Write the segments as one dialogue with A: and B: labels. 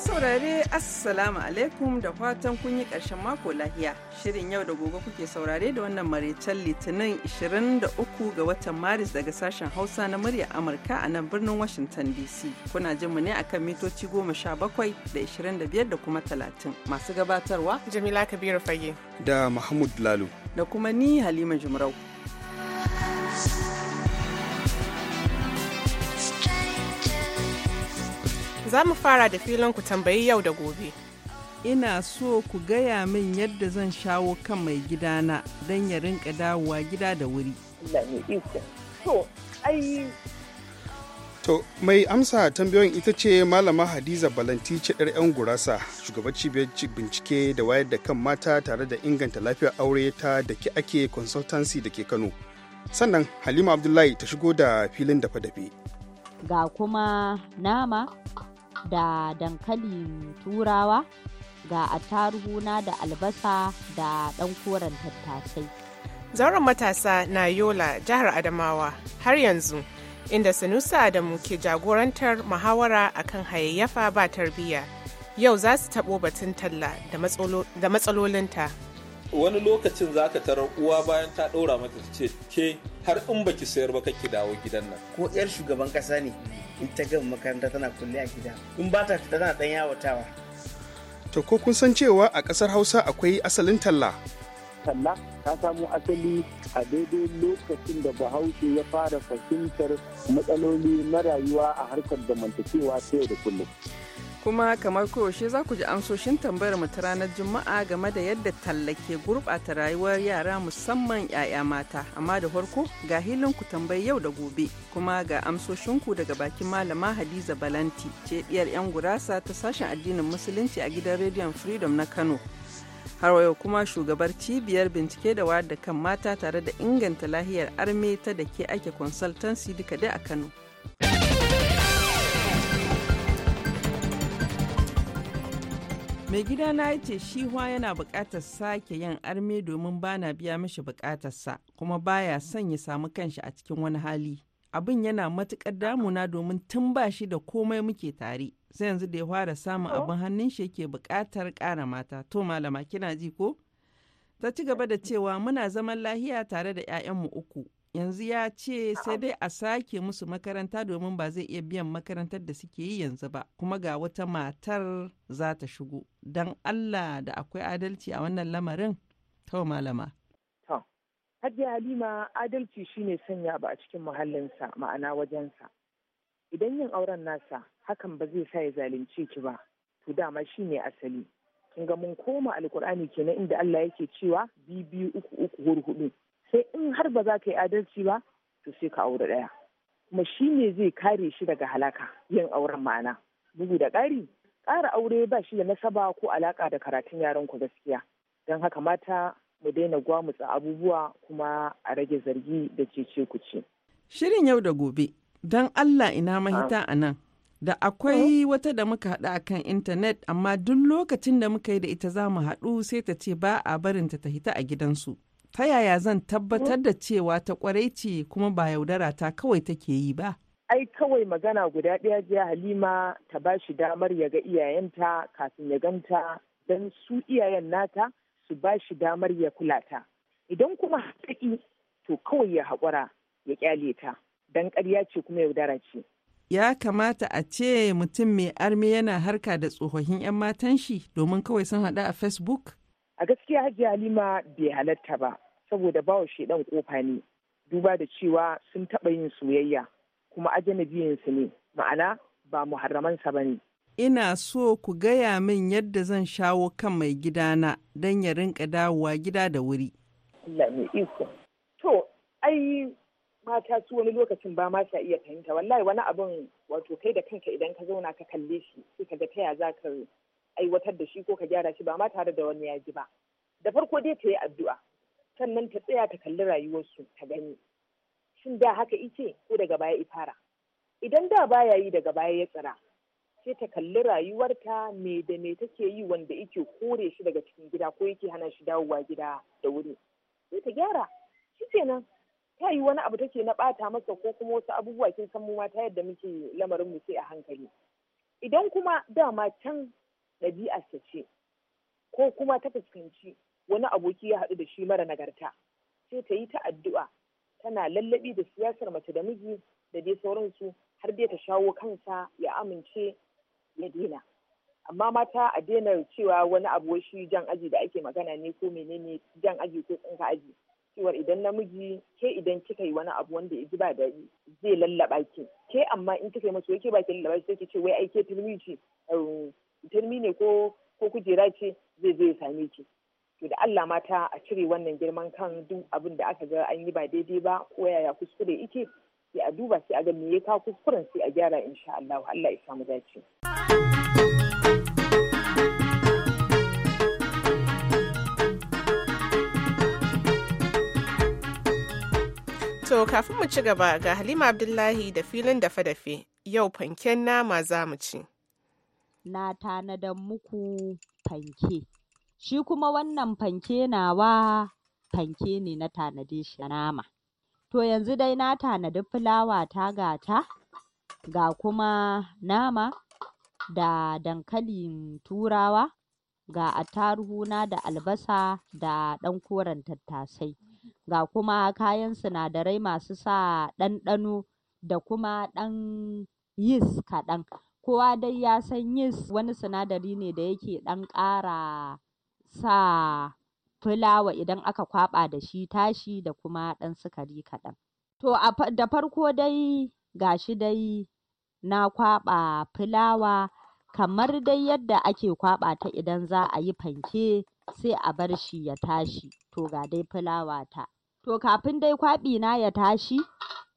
A: Masu saurare Assalamu alaikum da fatan kun yi ƙarshen mako lahiya. Shirin yau da gobe kuke saurare da wannan maraicen Litinin 23 ga watan Maris daga sashen Hausa na murya Amurka a nan birnin Washington DC. Kuna jin mu ne akan mitoci 17 da 25 da kuma 30. Masu gabatarwa Jamila Kabiru Fage
B: da Mahmud Lalo
A: da kuma ni Halima Jumrau. Za mu fara da filin ku
C: tambayi yau da gobe.
A: Ina so ku gaya min yadda zan shawo kan mai gidana don ya rinka dawowa gida da wuri.
B: To, mai amsa tambayoyin ita ce Malama Hadiza Balanti ɗar 'yan gurasa, shugaban cibiyar bincike da wayar da kan mata tare da inganta lafiyar aure ta da ke ake consultancy da ke Kano. Sannan Halima Abdullahi ta shigo da filin dafe-dafe.
D: Ga kuma nama, da dankalin turawa ga attaruhu na da albasa da ɗan koren
C: tattasai. Zauren matasa na Yola jihar Adamawa har yanzu inda Sanusa Adamu ke jagorantar muhawara akan hayayyafa ba tarbiyya. Yau za su taɓo batun talla da matsalolinta.
E: wani lokacin za ka tarar uwa bayan ta ɗaura mata ce ke har in baki sayar ba kake dawo gidan nan
F: ko yar shugaban ƙasa ne in ta gama makaranta tana kulle a gida in ba ta fita tana ɗan yawatawa
B: to ko kun san cewa a ƙasar hausa akwai asalin talla
G: talla ta samo asali a daidai lokacin da bahaushe ya fara fahimtar matsaloli na rayuwa a harkar zamantakewa ta yau da kullum
A: kuma kamar koyaushe za ku ji amsoshin tambayar mu ta ranar juma'a game da yadda talla ke gurɓata rayuwar yara musamman 'ya'ya mata amma da farko ga hilin ku tambayi yau da gobe kuma ga amsoshinku daga bakin malama hadiza balanti ce 'yan gurasa ta sashen addinin musulunci a gidan rediyon freedom na kano har yau kuma shugabar cibiyar bincike da wayar da kan mata tare da inganta lahiyar arme ta da ke ake consultancy duka dai a kano mai gidana ya ce shi yana bukatar sake yin arme domin bana biya mishi sa, kuma baya son ya samu kanshi a cikin wani hali abin yana matuƙar damuna domin tun ba shi da komai muke tare sai yanzu da ya fara samun abin hannun shi yake bukatar ƙara mata to malama kina ji ko ta ci gaba da cewa muna zaman lahiya tare da 'ya'yanmu uku yanzu ya ce sai dai a sake musu makaranta domin ba zai iya biyan makarantar da suke yi yanzu ba kuma ga wata matar za ta shigo don allah da akwai adalci a wannan lamarin ta malama
H: Hajji Halima adalci shine sanya ba a cikin muhallinsa ma'ana wajensa. Idan yin auren nasa hakan ba zai sa ya zalunce ki ba, to dama shi ne asali. Kin ga mun koma alkur'ani kenan inda Allah yake cewa bibiyu uku uku hurhudu. sai in har ba za ka yi adalci ba to sai ka aure ɗaya kuma shi ne zai kare shi daga halaka yin auren ma'ana bugu da ƙari ƙara aure ba shi da nasaba ko alaka da karatun yaran ku gaskiya don haka mata mu daina gwamutsa abubuwa kuma a rage zargi da cece ku ce.
A: Shirin yau da gobe don Allah ina mahita a nan. Da akwai wata da muka haɗu akan intanet amma duk lokacin da muka yi da ita za mu haɗu sai ta ce ba a barinta ta hita a gidansu. ta yaya zan tabbatar mm-hmm. da cewa ta kwarai ce kuma ba yaudara ta kawai take
H: yi ba? Ai kawai magana guda ɗaya jiya Halima ta ba shi damar ya ga iyayenta kafin ya ganta don su iyayen nata su ba shi damar ya kula ta. Idan kuma haƙaƙi to kawai ya haƙura ya ƙyale ta don ƙarya ce kuma yaudara ce.
A: Ya kamata a ce mutum mai armi yana harka da tsofaffin 'yan matan shi domin kawai sun haɗu a Facebook?
H: a gaskiya hajji halima bai halatta ba saboda bawa shaidan kofa ne duba da cewa sun taɓa yin soyayya kuma ajanabiyinsu ne ma'ana ba muharramansa ba ne
A: ina so ku gaya min yadda zan shawo kan mai gidana don ya rinka dawowa gida da wuri
H: to ai mata su wani lokacin ba ma iya fahimta wallahi wani abin wato kai da kanka idan ka zauna ka kalle shi sai ka ga ta ya za ka aiwatar da shi ko ka gyara shi ba ma tare da wani yaji ba da farko dai ta yi addu'a sannan ta tsaya ta kalli rayuwarsu ta gani shin da haka ice ko daga baya i fara? idan da baya yi daga baya ya tsira sai ta kalli rayuwarta me da me take yi wanda yake kore shi daga cikin gida ko yake hana shi dawowa gida da wuri sai ta gyara shi kenan ta yi wani abu take na bata masa ko kuma wasu abubuwa kin san mu mata yadda muke lamarin mu sai a hankali idan kuma dama can ta ce ko kuma ta fuskanci wani aboki ya haɗu da shi mara nagarta sai ta yi ta addu'a tana lallabi da siyasar mace da miji da dai sauransu har dai ta shawo kansa ya amince ya daina amma mata a daina cewa wani abu shi jan aji da ake magana ne ko menene jan aji ko tsinka aji cewar idan namiji ke idan kika yi wani abu wanda ya ji ba daɗi zai lallaba ki ke amma in kika yi masu yake ba ki lallaba ki sai ce wai ai ke turmi turmi ne ko ko kujera ce zai je ya same ki to da Allah mata a cire wannan girman kan duk abin da aka ga an yi ba daidai ba ko yaya kuskure ike sai a duba sai a ga me ya kawo kuskuren sai a gyara insha Allah Allah ya samu dace
C: To kafin mu ci gaba ga Halima Abdullahi da filin dafe-dafe yau fanken nama za mu ci.
D: na tanadan muku fanke shi kuma wannan fanke nawa fanke ne na tanade shi nama to yanzu dai na tanadi fulawa ta gata ga kuma nama da dankalin turawa ga attaruhu na da albasa da ɗan koren tattasai ga kuma kayan sinadarai masu sa ɗanɗano da kuma ɗan yis kaɗan kowa dai ya san yis wani sinadari ne da yake ɗan ƙara sa fulawa idan aka kwaɓa da shi tashi da kuma ɗan sukari kaɗan. To da farko dai ga dai na kwaɓa fulawa kamar dai yadda ake kwaɓa ta idan za a yi fanke sai a bar shi ya tashi to ga dai fulawa ta. To kafin dai kwaɓi na ya tashi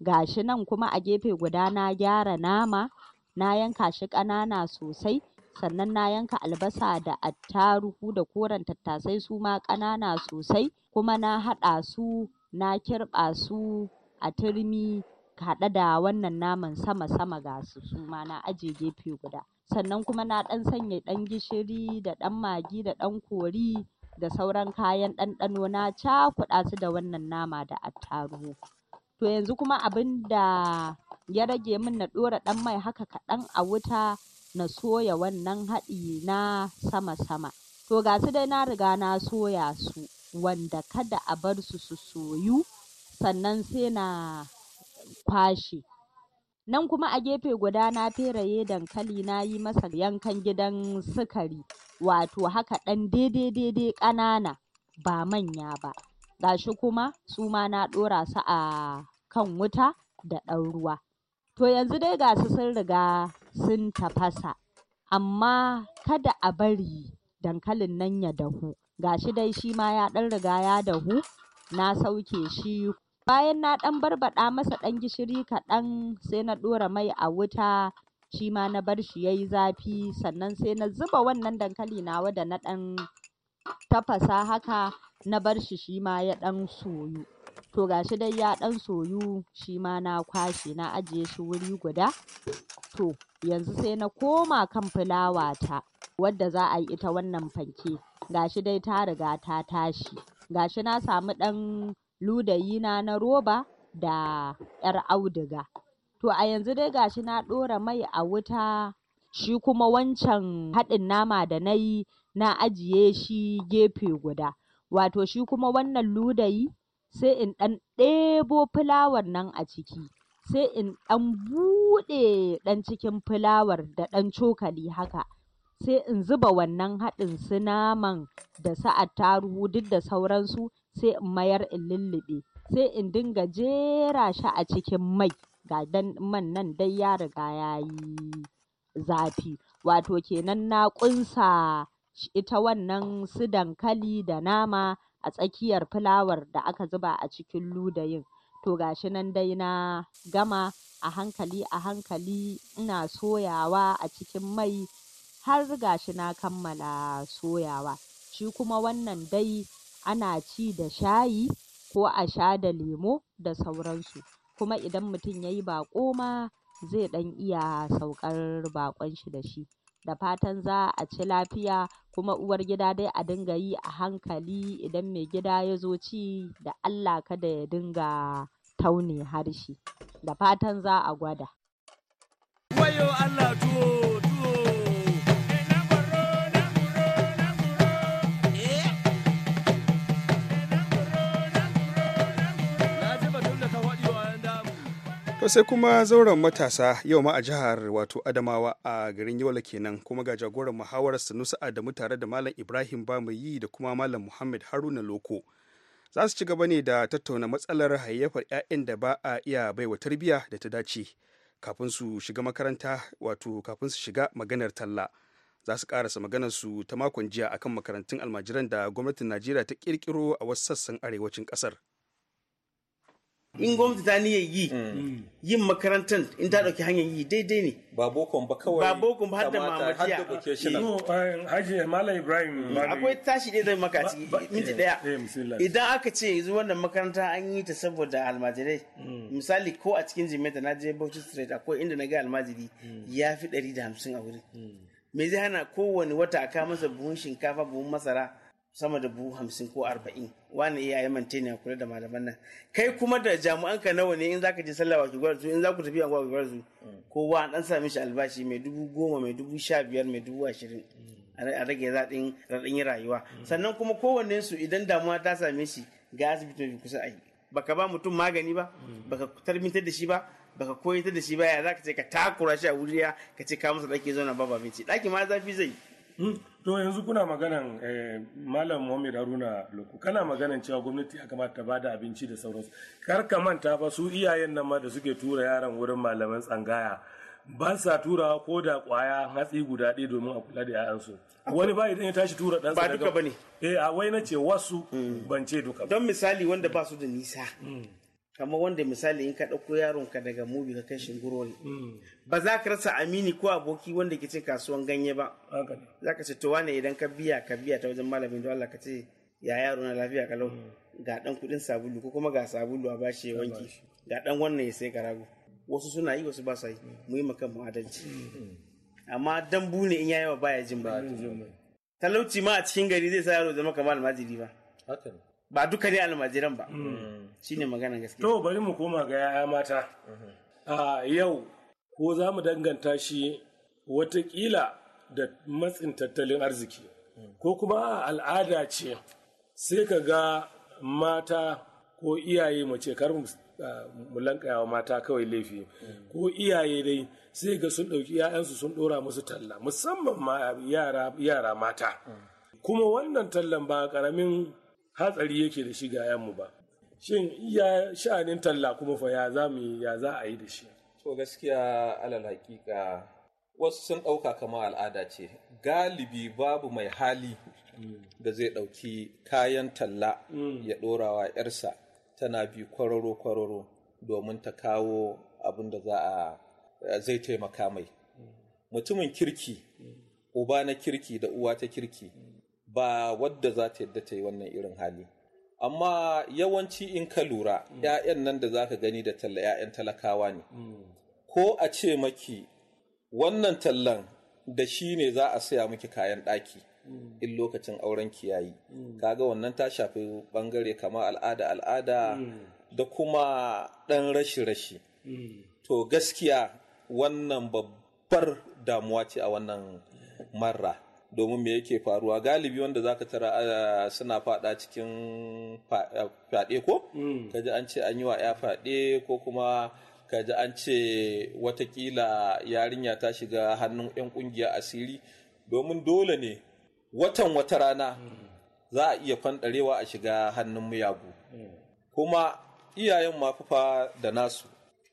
D: ga shi nan kuma a gefe guda na gyara nama na yanka shi ƙanana sosai sannan na yanka albasa da attarugu da koren tattasai su ma ƙanana sosai kuma na haɗa su na kirɓa su a turmi haɗe da wannan naman sama sama ga su su ma na aje gefe guda sannan kuma na ɗan sanya ɗan gishiri da ɗan magi da ɗan kori da sauran kayan ɗanɗano na cakuɗa su da wannan nama da attarugu. to yanzu kuma abin da ya rage min na ɗora ɗan mai haka kaɗan a wuta na soya wannan haɗi na sama sama to ga su dai na riga na soya su wanda kada a bar su su soyu sannan sai na kwashe nan kuma a gefe guda na feraye dankali na yi masa yankan gidan sukari wato haka ɗan daidai daidai ƙanana ba manya ba gashi kuma su ma na ɗora su a kan wuta da ɗan ruwa to yanzu dai ga su sun riga sun tafasa amma kada a bari dankalin nan ya dahu gashi dai shi ma ya ɗan riga ya dahu na sauke shi bayan na ɗan barbaɗa masa ɗan gishiri kaɗan sai na ɗora mai a wuta shi ma na bar shi ya yi zafi sannan sai na zuba wannan dankali nawa da na ɗan tafasa haka na bar shi shi ma ya ɗan soyu to ga shi dai ya ɗan soyu shi ma na kwashe na ajiye shi wuri guda to yanzu sai na koma kan fulawa ta wadda za a yi ita wannan fanke ga shi dai ta riga ta tashi ga shi na samu ɗan ludayina na roba da yar auduga to a yanzu dai ga shi na ɗora mai a wuta shi kuma wancan haɗin nama da na yi na ajiye shi gefe guda wato shi kuma wannan ludayi sai in ɗan ɗebo fulawar nan a ciki sai in ɗan buɗe ɗan cikin fulawar da ɗan cokali haka sai in zuba wannan haɗin su naman da su taruhu duk da sauransu sai in mayar in lullube, sai in dinga jera shi a cikin mai ga dan man nan dai ya riga ya yi zafi wato kenan na ƙunsa ita wannan su dankali da nama a tsakiyar fulawar da aka zuba a cikin ludayin to gashi shi nan dai na gama a hankali a hankali ina soyawa a cikin mai har gashi na kammala soyawa shi kuma wannan dai ana ci da shayi ko a sha da lemo da sauransu kuma idan mutum yayi yi baƙo ma zai ɗan iya saukar baƙon shi da shi da fatan za a ci lafiya kuma uwar gida dai a dinga yi a hankali idan mai gida ya zo ci da Allah kada ya dinga taune harshe da fatan za a gwada.
I: wayo Allah tuwo!
B: kosai sai kuma zauren matasa yau ma a jihar wato Adamawa a garin Yola kenan kuma ga jagoran muhawarar sanusa Adamu tare da Malam Ibrahim yi da kuma Malam Muhammad Haruna Loko. Za su ci gaba ne da tattauna matsalar hayyafar 'ya'yan da ba a iya baiwa tarbiyya da ta dace kafin su shiga makaranta wato kafin su shiga maganar talla. Za su karasa maganar su ta makon jiya akan makarantun almajiran da gwamnatin Najeriya ta kirkiro a wasu sassan arewacin
F: kasar. in gwamnati ta niyyar yi mm. yin makarantar in ta dauki hanyar yi daidai ne ba bokon ba kawai ba bokon ba har da mamaciya eh,
I: haji malam ibrahim mm, akwai
F: tashi ɗaya zai maka a ciki minti daya eh, idan aka ce yanzu wannan makaranta an yi ta saboda almajirai mm. misali ko a cikin jimeta na je bauchi street akwai inda na ga almajiri ya fi ɗari da hamsin a wurin me zai hana kowane wata a kawo masa buhun shinkafa buhun masara sama da buhu hamsin ko arba'in wani iya yi ne a kula da malaman nan kai kuma da jami'an ka nawa ne in zaka je sallah wa ki gwarzu in zaku tafi an ki gwarzu kowa an dan sami shi albashi mai dubu goma mai dubu sha biyar mai dubu ashirin a rage zaɗin raɗin rayuwa sannan kuma kowanne su idan damuwa ta same shi ga asibiti mafi kusa a yi baka ba mutum magani ba baka tarbitar da shi ba baka koyar da shi ba ya zaka ce ka takura shi a wuriya ka ce ka masa ɗaki zauna babu abinci ɗaki ma zafi zai
I: Mm, to yanzu kuna maganan eh, Malam Muhammad Haruna Loko, kana maganan cewa gwamnati ya kamata ta da abinci da sauransu. Kar ka manta ba su iyayen nan ma da suke tura yaran wurin malaman tsangaya. Ban sa tura ko da kwaya hatsi guda ɗaya domin a kula da 'ya'yansu. Wani ba idan ya tashi tura ɗansa Ba duka bane. Eh, a wai na ce wasu mm. ban ce duka. ba. Don misali wanda ba su da nisa.
F: Mm. kamar wanda misali in ka ɗauko yaronka daga mubi ka kan shingurori hmm. ba za ka rasa amini ko aboki wanda ke cin kasuwan ganye ba za ka ce to wane idan ka biya ka biya ta wajen malamin don Allah ka ce ya yaro na lafiya kalau hmm. ga dan kudin sabulu ko kuma ga sabulu a bashi ya wanki ga dan wannan ya sai karago wasu suna yi wasu ba sa yi hmm. mu yi makan adalci amma dambu ne in yayi baya jin ba talauci ma a cikin gari zai sa yaro zama kamar almajiri ba ba duka dai
I: almajiran ba mm. Shi ne magana gaske. to bari mu koma ga yaya mata mhm. a yau ko za mu danganta shi watakila da matsin tattalin arziki mm. ko kuma a al'ada ce sai ka ga mata ko iyaye mace kar mu lankayawa mata kawai laifi mm. ko iyaye dai sai ga sun ɗauki 'ya'yansu sun ɗora musu talla musamman ma yara mata kuma wannan tallan ba karamin hatsari yake da shi ga ba shin iya sha'anin talla kuma fa ya za mu ya za a yi da shi to
E: gaskiya alal hakika wasu sun ɗauka kamar al'ada ce galibi babu mai hali da zai ɗauki kayan talla mm. ya ɗorawa 'yarsa tana bi kwararo-kwararo domin ta kawo abin da za a zai taimaka mai mm. mutumin kirki mm. uba na kirki da uwa ta kirki ba wadda za ta yadda ta yi wannan irin hali amma yawanci in ka lura 'ya'yan mm. nan da za ka gani da talla 'ya'yan talakawa ne mm. ko a ce maki wannan tallan da shi ne za a saya miki kayan ɗaki mm. in lokacin auren kiyayi kaga wannan ta shafi bangare kama al'ada al'ada da kuma ɗan rashi-rashi to gaskiya wannan babbar damuwa ce a wannan marra domin me yake faruwa galibi wanda zaka tara ah, suna fada cikin ah, fyaɗe ko hmm. kaji an ce an yi wa ya fyaɗe ko kuma kaji an ce watakila yarinya ta shiga hannun 'yan kungiya asiri domin dole ne watan wata rana hmm. za a iya fanɗarewa a shiga hannun miyagu hmm. kuma iyayen mafafa da nasu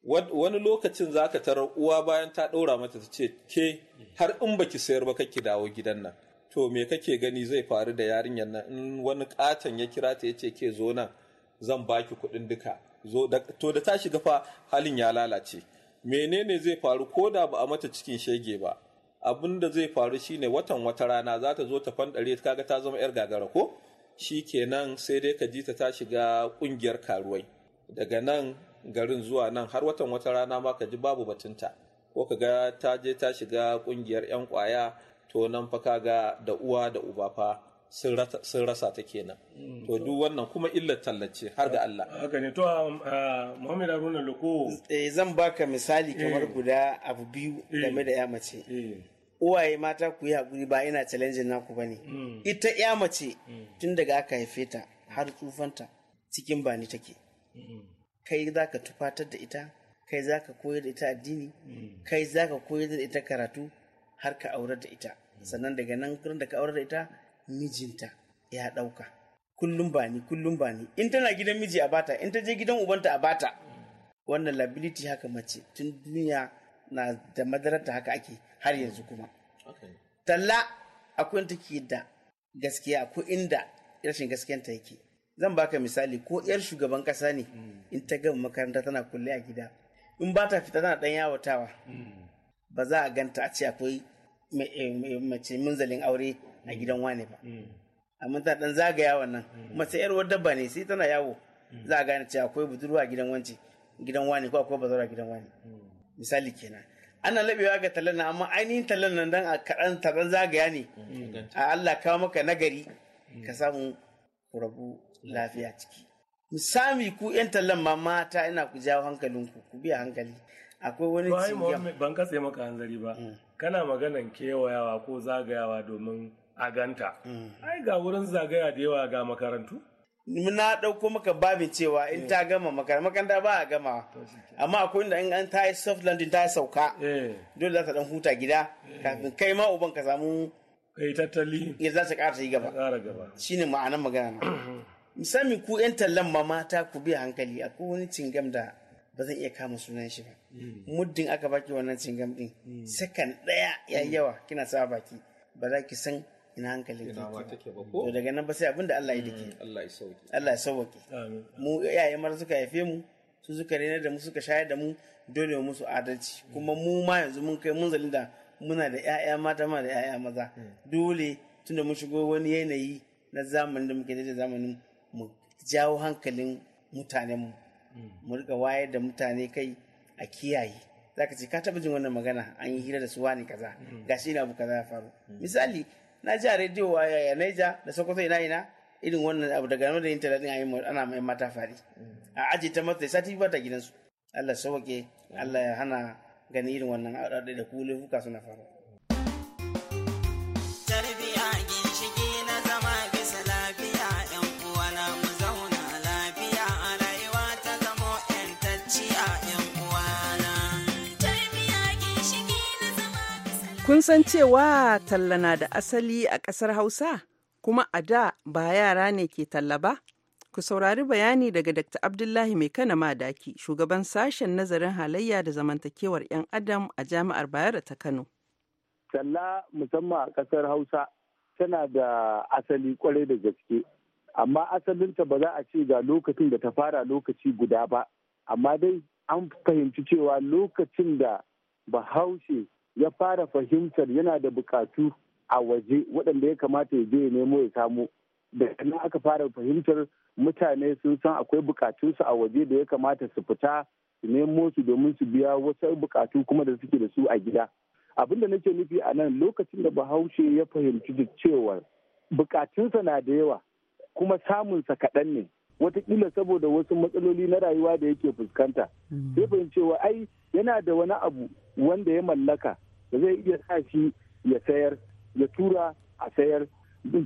E: wani lokacin za ka tarar uwa bayan ta ɗora mata ta ce ke har in baki sayar ba kake dawo gidan nan to me kake gani zai faru da yarinyar nan in wani katon ya kira ta ya ce ke zo nan zan baki kuɗin duka to da ta shiga fa halin ya lalace menene zai faru ko da ba a mata cikin shege ba abin da zai faru shine watan wata rana za ta zo ta fanɗare kaga ta zama yar gagara ko shi kenan sai dai ka ji ta ta shiga kungiyar karuwai daga nan garin zuwa nan har watan wata rana ma ka ji babu batunta ko ka ga ta je ta shiga kungiyar 'yan kwaya to nan fa ka ga da uwa da uba fa sun rasa ta kenan mm, to duk wannan kuma illar tallace har ga Allah
F: haka ne to um, uh, Muhammad Haruna Loko eh zan baka misali kamar eh. guda abu biyu eh. game da ya mace eh. uwaye mata ku yi hakuri ba ina challenge naku bane mm. ita ya mace mm. tun daga aka haife ta har tsufanta cikin bani take kai za ka tufatar da ita kai za ka koyar da ita addini mm. kai za ka koyar da ita karatu har ka aurar da ita mm. sannan daga nan kurin da ka aurar da ita mijinta ya ɗauka kullum ba ni kullum ba ni in tana gidan miji a bata in ta je gidan ubanta a bata wannan liability haka mace tun duniya na da madararta haka ake har yanzu kuma talla akwai ke da gaskiya akwai inda rashin gaskiyanta yake zan baka misali ko yar shugaban kasa ne mm. in ta gama makaranta tana kulle a gida in ba ta fita tana dan yawatawa mm. ba za a ganta a ce akwai eh, mace munzalin aure a gidan mm. wane ba amma ta dan zagaya wannan mace yar wadda ba ne sai tana yawo za a gane cewa akwai budurwa a gidan wance gidan wane ko akwai bazara gidan wane misali kenan ana labewa ga talan nan amma ainihin talan nan dan a kaɗan taron zagaya ne a Allah kawo maka nagari ka samu rabu lafiya ciki misali ku yan tallan ma mata ina ku jawo hankalinku ku biya hankali akwai wani cigaba
I: ban katse maka hanzari ba mm. kana maganan kewayawa ko zagayawa domin a ganta mm. ai ga wurin zagaya da yawa ga makarantu na ɗauko maka
F: babin cewa in ta eh. gama makaranta makaranta ba a gama amma akwai inda in an ta yi soft landing ta sauka eh. dole za ta ɗan huta gida eh. kafin kai ma uban ka samu kai tattali ya za ta ƙara ta yi gaba shine ma'anar magana misali ku 'yan tallan ma mata ku bi hankali akwai wani cingam da ba zan iya kama sunan shi ba mm. muddin aka baki wannan cingam din mm. sakan
E: daya ya mm. yawa
F: kina sa baki ba za ki san ina hankali ke to daga nan ba sai abinda Allah ya dake Allah ya sauke Allah ya sauke mu iyaye mara suka haife mu su suka rena da mu suka shayar da mu dole mu musu adalci kuma mu ma yanzu mun kai munzalin da muna da 'ya'ya mata ma da 'ya'ya maza dole tunda mun shigo wani yanayi na zamanin da muke da zamanin mu jawo hankalin mutanenmu mm. mu riga wayar da mutane kai a kiyaye Za ka ce ka taba jin wannan magana an yi hira da su wani kaza mm. shi ina abu kaza ya faru mm. misali na ji a rediyo a Naija da Sokoto ina ina irin wannan abu daga nan da intanet din ana mai mata fari a aji ta mata sati ba ta gidansu Allah sauke Allah ya hana gani irin wannan da kulefuka suna faru.
A: Kun san cewa talla na da asali a ƙasar Hausa? Kuma a da ba yara ne ke talla ba? Ku saurari bayani daga Dr. Abdullahi Mai Kana Madaki, shugaban sashen nazarin halayya da zamantakewar 'yan Adam a Jami'ar Bayero ta Kano.
G: Talla musamman a ƙasar Hausa tana da asali kwarai da gaske, amma asalinta ba za a ce ga lokacin da ta fara lokaci guda ba, amma dai an fahimci cewa lokacin da bahaushe ya fara fahimtar yana da bukatu a waje waɗanda ya kamata ya je ya nemo ya samo da nan aka fara fahimtar mutane sun san akwai bukatunsu a waje da ya kamata su fita su nemo su domin su biya wasu bukatu kuma da suke da su a gida abin da nake nufi a nan lokacin da bahaushe ya fahimci cewa bukatunsa na da yawa kuma samunsa kaɗan ne wataƙila saboda wasu matsaloli na rayuwa da yake fuskanta hmm. sai cewa ai yana da wani abu wanda ya mallaka da zai iya sa shi ya sayar ya tura a sayar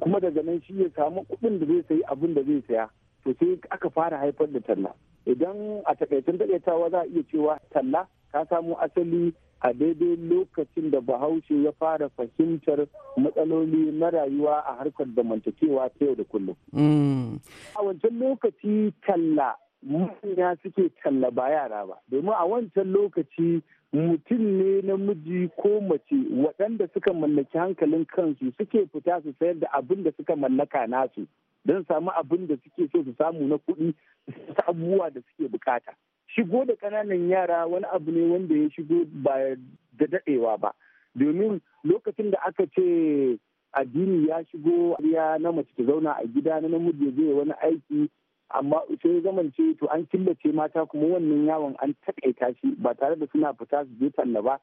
G: kuma daga nan shi ya samu kuɗin da zai sayi abin da zai saya to sai aka fara haifar da talla idan a takaitun takaitawa za a iya cewa talla ta samu asali a daidai lokacin da bahaushe ya fara fahimtar matsaloli na rayuwa a harkar zamantakewa ta yau da kullum. Mm. A wancan lokaci talla manya suke talla ba yara ba, domin a wancan lokaci mutum ne namiji ko mace waɗanda suka mallaki hankalin kansu suke fita su sayar da abin da suka mallaka nasu don samu abin da suke so su samu na kuɗi su abubuwa da suke bukata shigo da ƙananan yara wani abu ne wanda ya shigo ba da daɗewa ba domin lokacin da aka ce addini ya shigo ya na mace ta zauna a gida na namiji ya je wani aiki amma sai zamance to an killace mata kuma wannan yawon an takaita shi ba tare da suna fita su je talla ba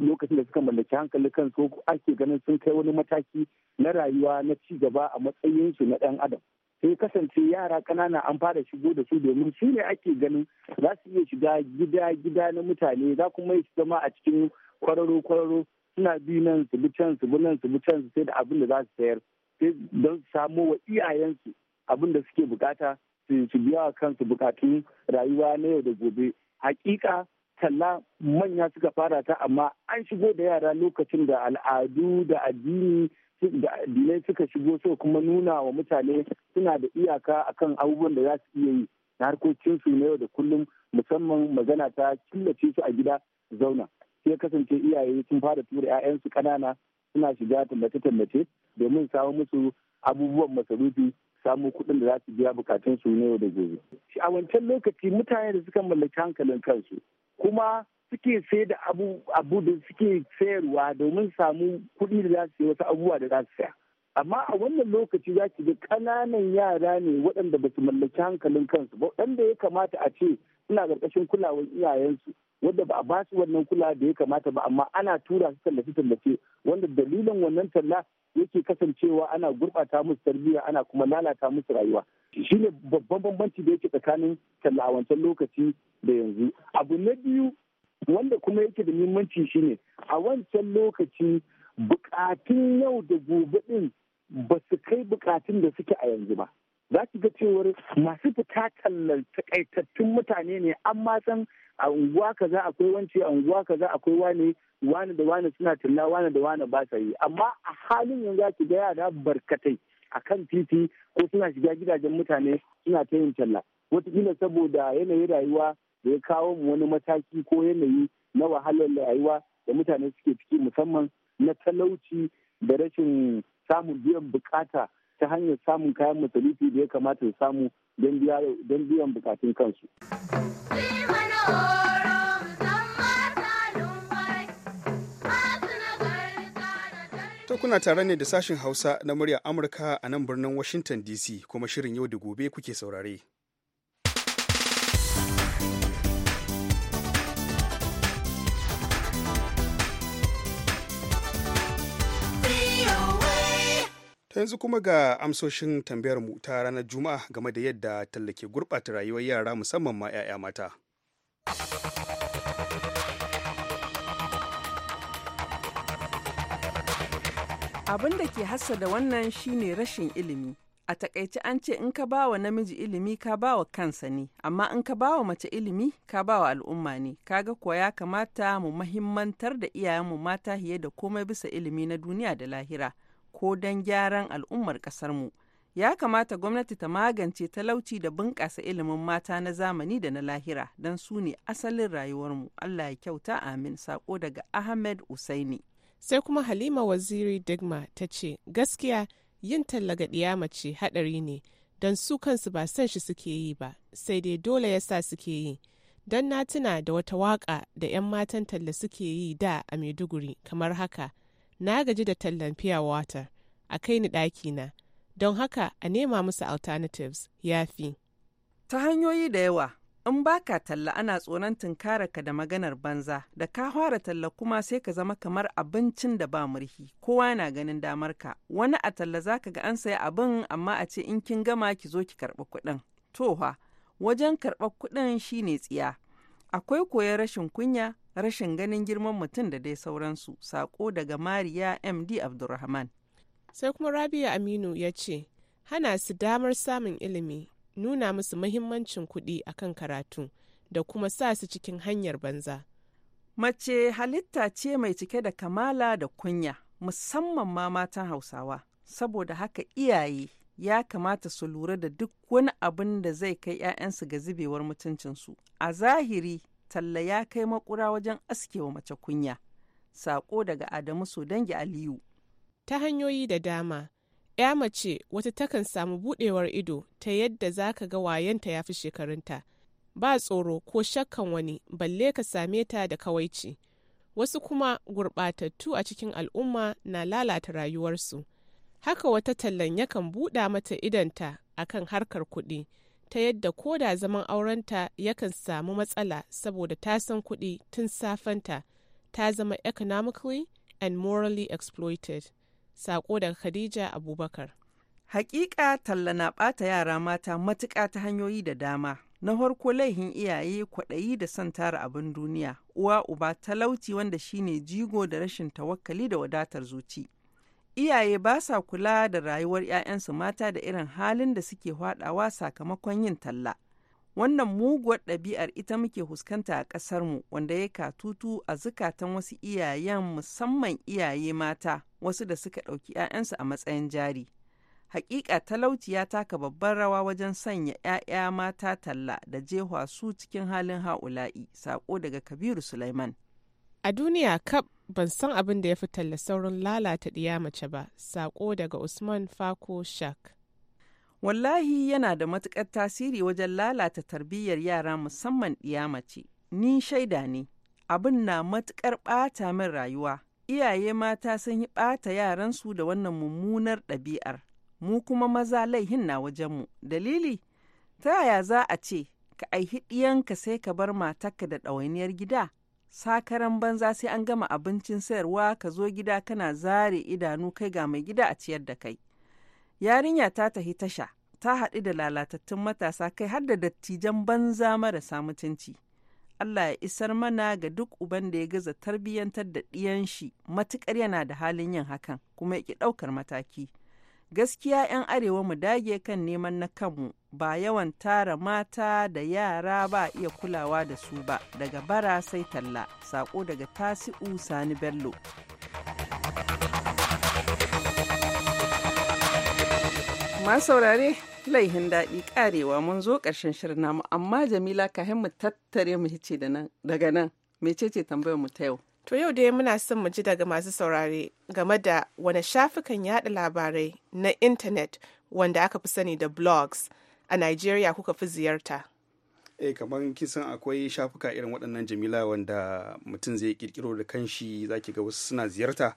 G: lokacin da suka mallaki hankali kan kansu ake ganin sun kai wani mataki na rayuwa na ci gaba a matsayinsu na ɗan adam sai kasance yara kanana an fara shigo da su domin su ne ake ganin za su iya shiga gida gida na mutane za kuma yi zama a cikin kwararo kwararo suna bi nan su bi can su bi nan su bi can su sai da abin da za su sayar sai don samo wa iyayensu abin da suke bukata su biya kansu bukatun rayuwa na yau da gobe hakika talla manya suka fara ta amma an shigo da yara lokacin da al'adu da addini da addinai suka shigo so kuma nuna wa mutane suna da iyaka akan abubuwan da za su iya yi na harkokinsu na yau da kullum musamman magana ta killace su a gida zauna sai kasance iyaye sun fara tura 'ya'yansu ƙanana suna shiga tallace-tallace domin samun musu abubuwan masarufi samu kuɗin da za su biya bukatun su yau da gobe. A wancan lokaci mutane da suka mallaki hankalin kansu kuma suke sai da abu da suke sayarwa domin samu kuɗi da za su yi wasu abubuwa da za su saya. Amma a wannan lokaci za ki ga ƙananan yara ne waɗanda ba su mallaki hankalin kansu ba waɗanda ya kamata a ce suna ƙarƙashin kulawar iyayensu wadda ba a ba su wannan kula da ya kamata ba amma ana tura su tallace tallace wanda dalilin wannan talla yake kasancewa ana gurɓata musu tarbiyya ana kuma lalata musu rayuwa shi ne babban bambanci da yake tsakanin talla a wancan lokaci da yanzu abu na biyu wanda kuma yake da muhimmanci ne a wancan lokaci bukatun yau da gobe din ba su kai bukatun da suke a yanzu ba za ki ga cewar masu fita tallar takaitattun mutane ne an san a unguwa kaza akwai wance a unguwa kaza akwai wane wane da wane suna talla wane da wane ba sa yi amma a halin yanzu za ki ga yara barkatai a kan titi ko suna shiga gidajen mutane suna ta yin talla wataƙila saboda yanayin rayuwa da ya kawo mu wani mataki ko yanayi na wahalar rayuwa da mutane suke ciki musamman na talauci da rashin samun biyan bukata ta hanyar samun kayan masarufi da ya kamata su samu don biyan bukatun kansu.
B: To kuna tare ne da sashen Hausa na muryar Amurka a nan birnin Washington DC kuma shirin yau da gobe kuke saurare. ta yanzu kuma ga amsoshin tambayar mu ta ranar juma'a game da yadda tallake gurɓata rayuwar yara musamman ma 'ya'ya mata
A: abin da ke da wannan shine rashin ilimi a takaice an ce in ka bawa namiji ilimi ka bawa kansa ne amma in ka bawa mace ilimi ka bawa al'umma ne kaga kuwa ya kamata mu mahimmantar da iyayenmu mata hiye da komai bisa ilimi na duniya da lahira ko don gyaran al'ummar ƙasarmu. Ya kamata gwamnati ta magance talauci da bunƙasa ilimin mata na zamani da na lahira don su ne asalin rayuwar mu Allah ya kyauta amin
C: sako daga Ahmed Usaini. Sai kuma Halima Waziri Digma ta ce, gaskiya yin talla ga ɗiya mace haɗari ne don su kansu ba san shi suke yi ba, sai dai dole ya sa suke yi. Don na tuna da wata waƙa da 'yan matan talla suke yi da a Maiduguri kamar haka. na gaji da tallan fiya water a kai ni ɗakina don haka a nema musu alternatives ya fi. Ta hanyoyi da yawa, in baka talla ana tsoron tunkararka da maganar banza, da ka fara
A: talla kuma sai ka zama kamar abincin da ba murhi, kowa na ganin damarka. Wani a talla za ka ga an saya abin amma a ce in kin gama ki zo ki karɓi kuɗin. Toha, wajen karɓar kuɗin shine tsiya. Akwai koyar rashin kunya, rashin ganin
C: girman mutum da dai sauransu, sako daga Mariya MD Abdulrahman. Sai kuma Rabia Aminu ya ce, hana su damar samun ilimi, nuna musu muhimmancin kuɗi akan karatu da kuma sa su cikin hanyar banza. Mace
A: halitta ce mai cike da kamala da kunya, musamman ma matan Hausawa, saboda haka iyaye ya kamata su lura da duk wani abin da zai kai 'ya'yansu ga zubewar mutuncinsu. A zahiri, talla ya kai makura wajen askewa mace
C: kunya. Saƙo daga Adamu su dangi Aliyu. Ta hanyoyi da dama, ya mace wata takan samu buɗewar ido ta yadda za ka ga wayanta ya fi shekarunta. Ba tsoro ko shakkan wani balle ka same ta da kawaici. Wasu kuma gurɓatattu a cikin al'umma na lalata rayuwarsu. haka wata tallan yakan buɗa mata idanta akan harkar kuɗi ta yadda ko da zaman aurenta yakan samu matsala saboda ta san kuɗi tun safanta ta zama economically and morally exploited sako daga khadija abubakar hakika talla na ɓata yara mata matuƙa ta hanyoyi da dama
A: na harko laihin iyaye kwaɗayi da son tara abin duniya uwa uba talauci wanda shine jigo da rashin tawakkali da wadatar zuci iyaye ba sa kula da rayuwar 'ya'yansu mata da irin halin da suke hwadawa sakamakon yin talla. Wannan muguwar ɗabi'ar ita muke huskanta a ƙasarmu wanda ya katutu a zukatan wasu iyayen musamman iyaye mata wasu da suka ɗauki 'ya'yansu a matsayin jari. Hakika talauci ya taka babbar rawa wajen sanya 'ya'ya mata
C: talla da jehwa su cikin halin ha'ula'i, saƙo daga Kabiru Sulaiman. A duniya kab ban san abin da ya fi talla saurin lalata ɗiya mace ba sako daga usman fako shak wallahi yana da matuƙar tasiri wajen lalata
A: tarbiyyar yara musamman ɗiya mace ni shaida ne abin na matuƙar ɓata min rayuwa iyaye mata sun yi ɓata yaransu da wannan mummunar ɗabi'ar mu kuma maza laihin na wajenmu dalili ta yaya za a ce ka aihi ɗiyanka sai ka bar matarka da ɗawainiyar gida sakaran banza sai an gama abincin sayarwa ka zo gida kana zare idanu kai ga mai gida a ciyar da kai yarinya ta tahi tasha ta haɗu da lalatattun matasa kai har da dattijan banza marasa mutunci Allah ya isar mana ga duk uban da ya gaza tarbiyyantar da ɗiyan shi matuƙar yana da halin yin hakan kuma ya ɗaukar mataki gaskiya 'yan arewa mu dage kan neman na kanmu ba yawan tara mata da yara ba iya kulawa da su ba daga bara sai talla sako daga tasi'u sani bello ma saurare laihin daɗi karewa mun zo ƙarshen shirin namu
C: amma jamila ka mu tattare mu ce daga nan ce tambayar mu ta yau To yau dai muna son mu ji daga masu saurare game da wane shafukan yada labarai na intanet wanda aka fi sani da blogs a nigeria kuka fi ziyarta?
B: eh kamar kisan akwai shafuka irin waɗannan jamila wanda mutum zai ƙirƙiro da kanshi zaki ga wasu suna ziyarta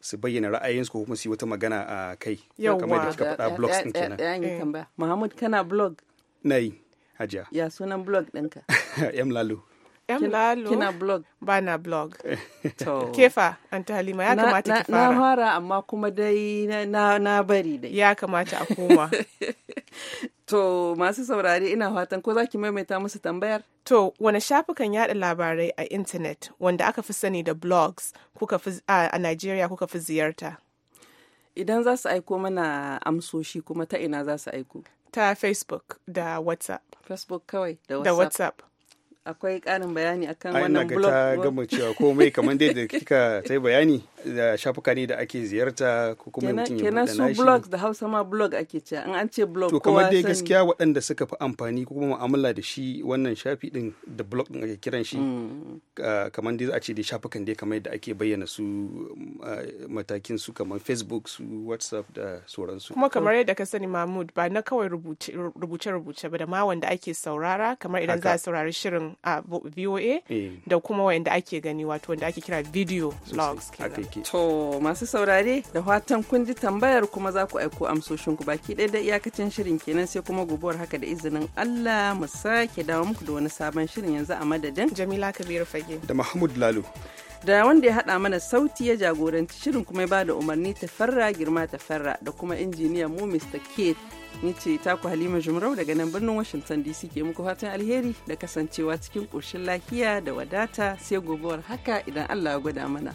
B: su bayyana ra'ayinsu ko kuma su yi wata magana a kai kamar da kika faɗa blogs ɗin kenan
A: eh.
B: Muhammad kana blog na yi hajiya
A: ya sunan blog ɗinka
B: lalu
A: lalo kina blog ba na blog
F: to kefa
A: anta halima ya kamata ki fara na fara amma kuma dai na na
C: bari dai ya kamata a koma to masu saurari ina fatan ko zaki maimaita musu tambayar to wani shafukan yada labarai a intanet wanda aka fi sani da blogs kuka fi a Najeriya kuka fi ziyarta idan za su aiko mana amsoshi kuma ta ina za su aiko ta Facebook da WhatsApp Facebook
A: kawai da WhatsApp, da WhatsApp. akwai karin bayani akan wannan blog ta gama
B: cewa komai kamar dai da kika ta bayani da shafuka ne da ake ziyarta ko kuma mutum ya su blog
A: da Hausa ma blog ake cewa an an ce blog to kamar dai gaskiya
B: waɗanda suka fi amfani ko kuma mu'amala da shi wannan shafi din da blog din ake kiran shi mm. kamar dai za a ce dai shafukan dai kamar yadda ake bayyana su matakin su kamar Facebook su WhatsApp da sauransu kuma kamar yadda
C: ka sani Mahmud ba na kawai rubuce rubuce ba da ma wanda ake saurara kamar idan za a saurari shirin a voa eh. da kuma wanda ake gani wato wanda ake kira video logs kenan to masu saurare da fatan kun ji tambayar kuma za
A: ku aiko amsoshin ku baki ɗaya da iyakacin shirin kenan sai kuma gubuwar haka da izinin allah mu sake dawo muku da wani sabon shirin yanzu a madadin jamila kabiru fage
B: da mahmud Lalo.
A: da wanda ya haɗa mana sauti ya jagoranci shirin kuma ya ba da umarni ta farra girma ta farra da kuma injiniya mu mr kate Ni ce taku Halima Jumrau daga nan birnin Washington DC ke muku fatan alheri da kasancewa cikin ƙoshin lafiya da wadata sai gobewar haka idan Allah ya gwada mana.